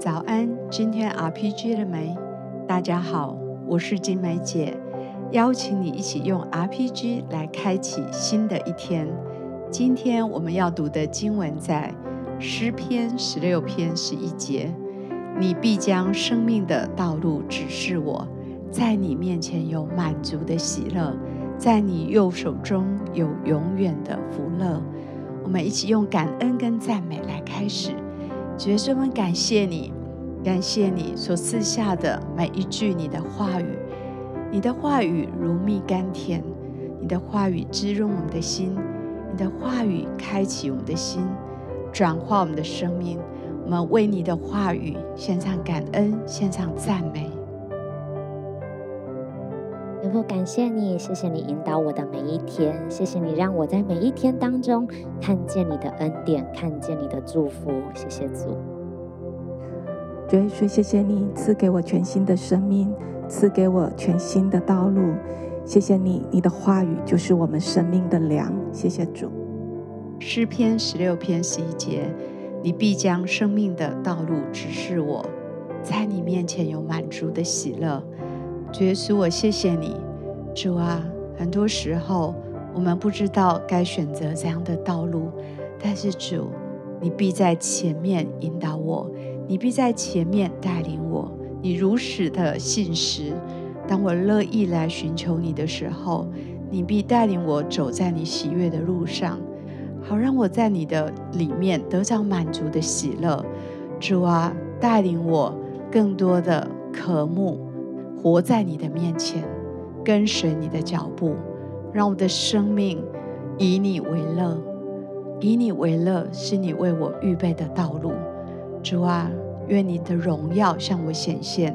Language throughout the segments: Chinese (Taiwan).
早安，今天 RPG 了沒？大家好，我是晶玫姊，邀請你一起用 RPG 來開啟新的一天。今天我們要讀的經文在詩篇十六篇十一節：“你必將生命的道路指示我，在你面前有滿足的喜樂，在你右手中有永遠的福樂。”我們一起用感恩跟讚美來開始。學生們感謝你，感謝你所賜下的每一句你的話語。你的話語如蜜甘甜，你的話語滋潤我們的心，你的話語開啟我們的心，轉化我們的生命。我們為你的話語獻上感恩，獻上讚美。能否感謝你？謝謝你引導我的每一天，謝謝你讓我在每一天當中看見你的恩典，看見你的祝福。謝謝主。主耶穌，謝謝你賜給我全新的生命，賜給我全新的道路。謝謝你，你的話語就是我們生命的糧。謝謝主。詩篇十六篇十一節：你必將生命的道路指示我，在你面前有滿足的喜樂。主耶穌，我謝謝你，主啊！很多時候我們不知道該選擇怎樣的道路，但是主，你必在前面引導我，你必在前面帶領我。你如此的信實，當我樂意來尋求你的時候，你必帶領我走在你喜悅的路上，好讓我在你的裡面得到滿足的喜樂。主啊，帶領我更多的渴慕，活在你的面前，跟隨你的腳步，讓我的生命以你為樂。以你為樂，是你為我預備的道路。主啊，願你的榮耀向我顯現，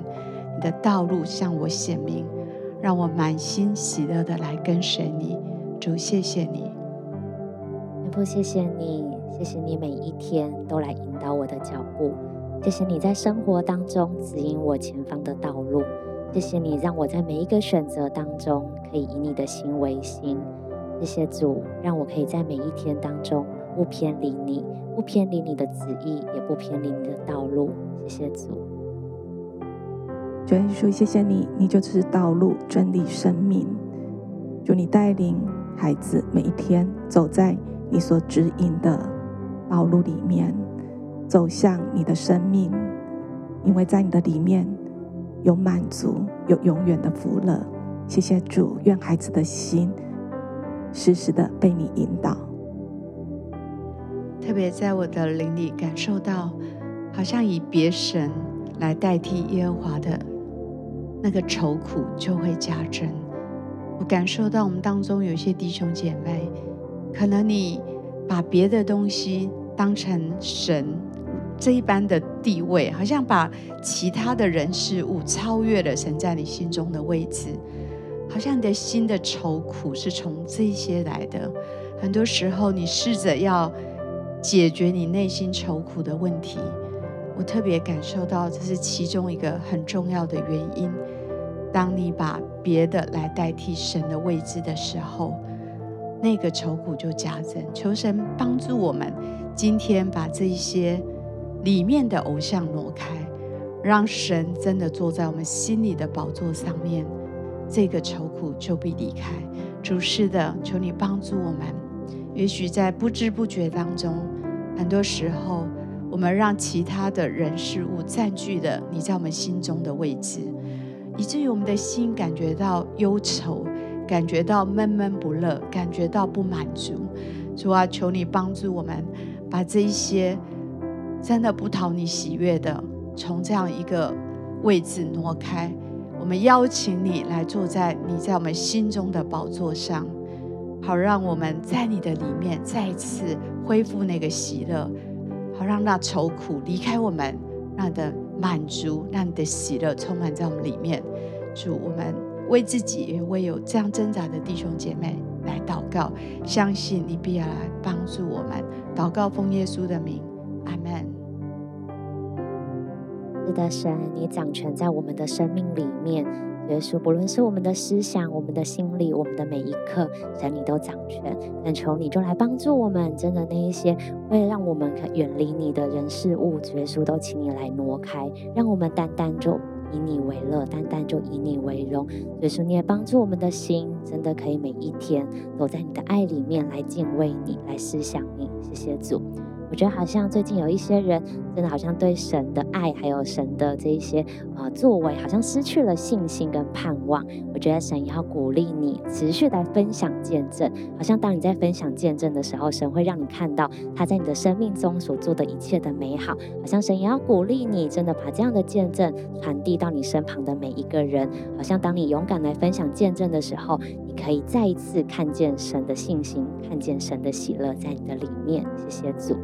你的道路向我顯明，讓我滿心喜樂的來跟隨你。主，謝謝你，天父，謝謝你，謝謝你每一天都來引導我的腳步，謝謝你在生活當中指引我前方的道路。謝謝你讓我在每一個選擇當中可以以你的心為心。謝謝主，讓我可以在每一天當中不偏離你，不偏離你的旨意，也不偏離你的道路。謝謝主，主耶穌，謝謝你，你就是道路、真理、生命。求你帶領孩子每一天走在你所指引的道路裡面，走向你的生命，因為在你的裡面。有滿足，有永遠的福樂。謝謝主，願孩子的心時時的被你引導。特別在我的靈裡感受到，好像以別神來代替耶和華的那個愁苦就會加增。我感受到我們當中有些弟兄姐妹，可能你把別的東西當成神。這一般的地位，好像把其他的人事物超越了神在你心中的位置，好像你的心的愁苦是從這些來的。很多時候，你試着要解決你內心愁苦的問題，我特別感受到這是其中一個很重要的原因。當你把別的來代替神的位置的時候，那個愁苦就加增。求神幫助我們，今天把這一些。裡面的偶像挪開，讓神真的坐在我們心裡的寶座上面，這個愁苦就必離開。主是的，求你幫助我們。也許在不知不覺當中，很多時候我們讓其他的人事物占據了你在我們心中的位置，以至於我們的心感覺到憂愁，感覺到悶悶不樂，感覺到不滿足。主啊，求你幫助我們，把這一些。真的不討你喜悅的，從這樣一個位置挪開。我們邀請你來坐在你在我們心中的寶座上，好讓我們在你的裡面再次恢復那個喜樂，好讓那愁苦離開我們，讓的滿足，讓你的喜樂充滿在我們裡面。主，我們為自己，也為有這樣掙扎的弟兄姐妹來禱告，相信你必要來幫助我們。禱告奉耶穌的名，阿門。是的，神，你掌權在我們的生命裡面，耶穌，不論是我們的思想、我們的心裡、我們的每一刻，神，你都掌權。但求你就來幫助我們，真的，那一些為了讓我們可遠離你的人事物，耶穌都請你來挪開，讓我們單單就以你為樂，單單就以你為榮。耶穌，你也幫助我們的心，真的可以每一天都在你的愛裡面來敬畏你，來思想你。謝謝主，我覺得好像最近有一些人。真的好像對神的愛還有神的這一些呃作為，好像失去了信心跟盼望。我覺得神也要鼓勵你，持續來分享見證。好像當你在分享見證的時候，神會讓你看到他在你的生命中所做的一切的美好。好像神也要鼓勵你，真的把這樣的見證傳遞到你身旁的每一個人。好像當你勇敢來分享見證的時候，你可以再一次看見神的信心，看見神的喜樂在你的裡面。謝謝主。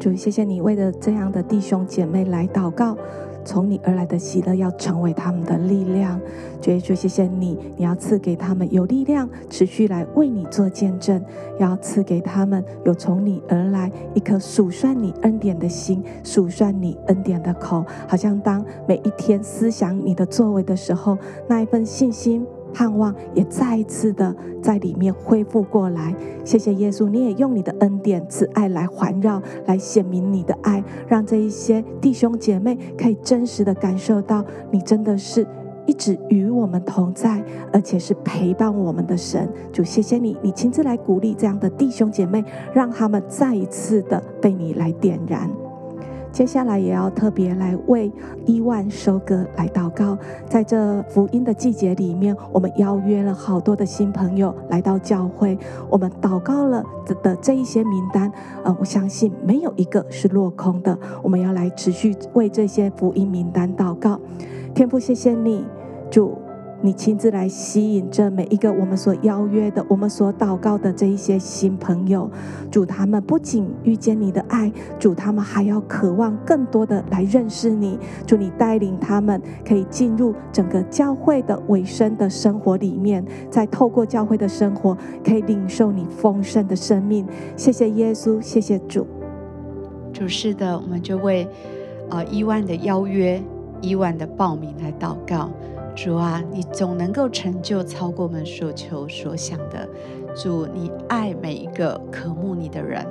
主，謝謝你為了這樣的弟兄姐妹來禱告，從你而來的喜樂要成為他們的力量。主，主謝謝你，你要賜給他們有力量，持續來為你做見證；要賜給他們有從你而來一顆數算你恩典的心，數算你恩典的口。好像當每一天思想你的作為的時候，那一份信心。盼望也再一次的在裡面恢復過來。謝謝耶穌，你也用你的恩典、慈愛來環繞，來顯明你的愛，讓這一些弟兄姐妹可以真實的感受到，你真的是一直與我們同在，而且是陪伴我們的神。主，謝謝你，你親自來鼓勵這樣的弟兄姐妹，讓他們再一次的被你來點燃。接下來也要特別來為億萬收割來禱告，在這福音的季節裡面，我們邀約了好多的新朋友來到教會，我們禱告了的這一些名單，呃，我相信沒有一個是落空的。我們要來持續為這些福音名單禱告，天父，謝謝你，主。你親自來吸引著每一個我們所邀約的、我們所禱告的這一些新朋友，主，他們不僅遇見你的愛，主，他們還要渴望更多的來認識你。主，你帶領他們可以進入整個教會的委身的生活裡面，再透過教會的生活，可以領受你豐盛的生命。謝謝耶穌，謝謝主。主，是的，我們就為呃，一萬的邀約、一萬的報名來禱告。主啊，你總能夠成就超過我們所求所想的。主，你愛每一個渴慕你的人。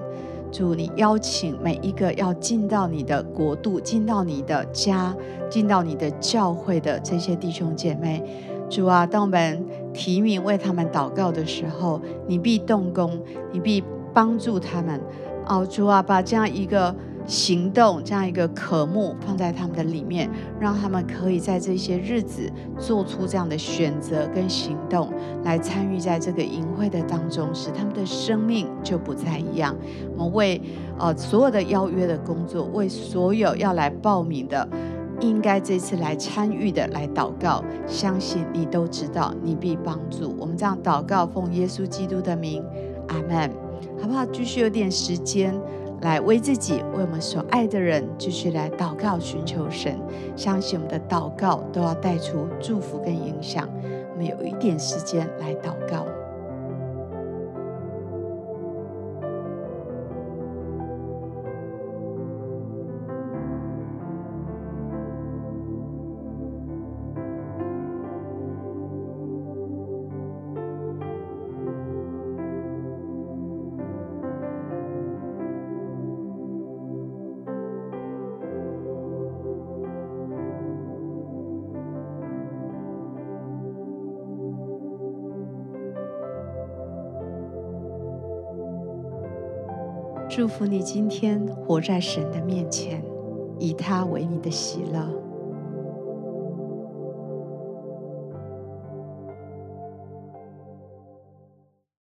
主，你邀請每一個要進到你的國度、進到你的家、進到你的教會的這些弟兄姐妹。主啊，當我們提名為他們禱告的時候，你必動工，你必幫助他們。哦，主啊，把這樣一個。行動，這樣一個渴慕放在他們的裡面，讓他們可以在這些日子做出這樣的選擇跟行動，來參與在這個營會的當中，使他們的生命就不再一樣。我們為呃所有的邀約的工作，為所有要來報名的，應該這次來參與的來禱告，相信你都知道，你必幫助。我們這樣禱告，奉耶穌基督的名，阿門，好不好？繼續有點時間。來為自己，為我們所愛的人，繼續來禱告，尋求神。相信我們的禱告都要帶出祝福跟影響。我們有一點時間來禱告。祝福你今天活在神的面前，以他為你的喜樂。